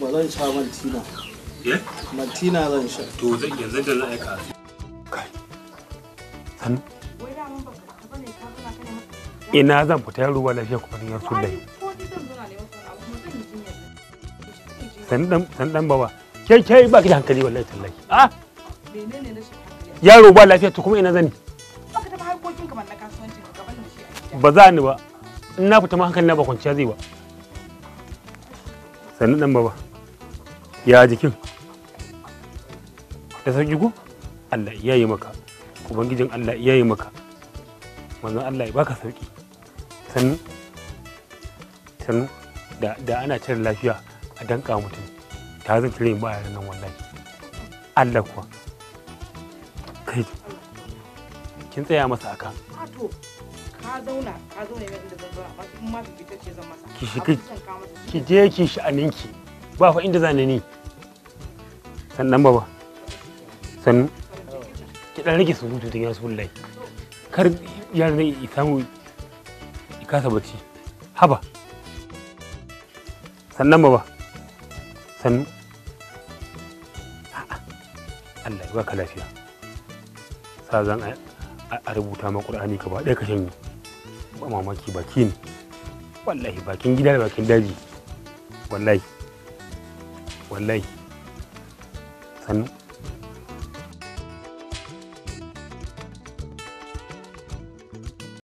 ba zan sha mantina mantina zan sha to zan zan aika sannu ina zan fita yaro ba lafiya kuma yarsu dai san dan baba ba ka hankali wallahi tallahi ah yaro ba lafiya to kuma ina zan ba za ni ba in na fita ma hankali na ba kwanciya zai ba sannu dan baba ya jikin da sauki ku Allah ya yi maka ubangijin Allah ya yi maka manzon Allah ya baka sauki sannu sannu da da ana cire lafiya a danka mutum ta zan cire ba yaran nan wallahi Allah kuwa kai kin tsaya masa aka ki shiga ki je ki sha'aninki ba fa inda zan ni sannan baba sannu ki dan rage surutu da yasu wallahi kar yaran ya samu ya kasa bacci haba sannan baba sannu Allah ya baka lafiya sa zan a rubuta ma ƙur'ani gaba ɗaya ka shanye ba mamaki baki ne wallahi bakin gida da bakin daji wallahi wallahi sannu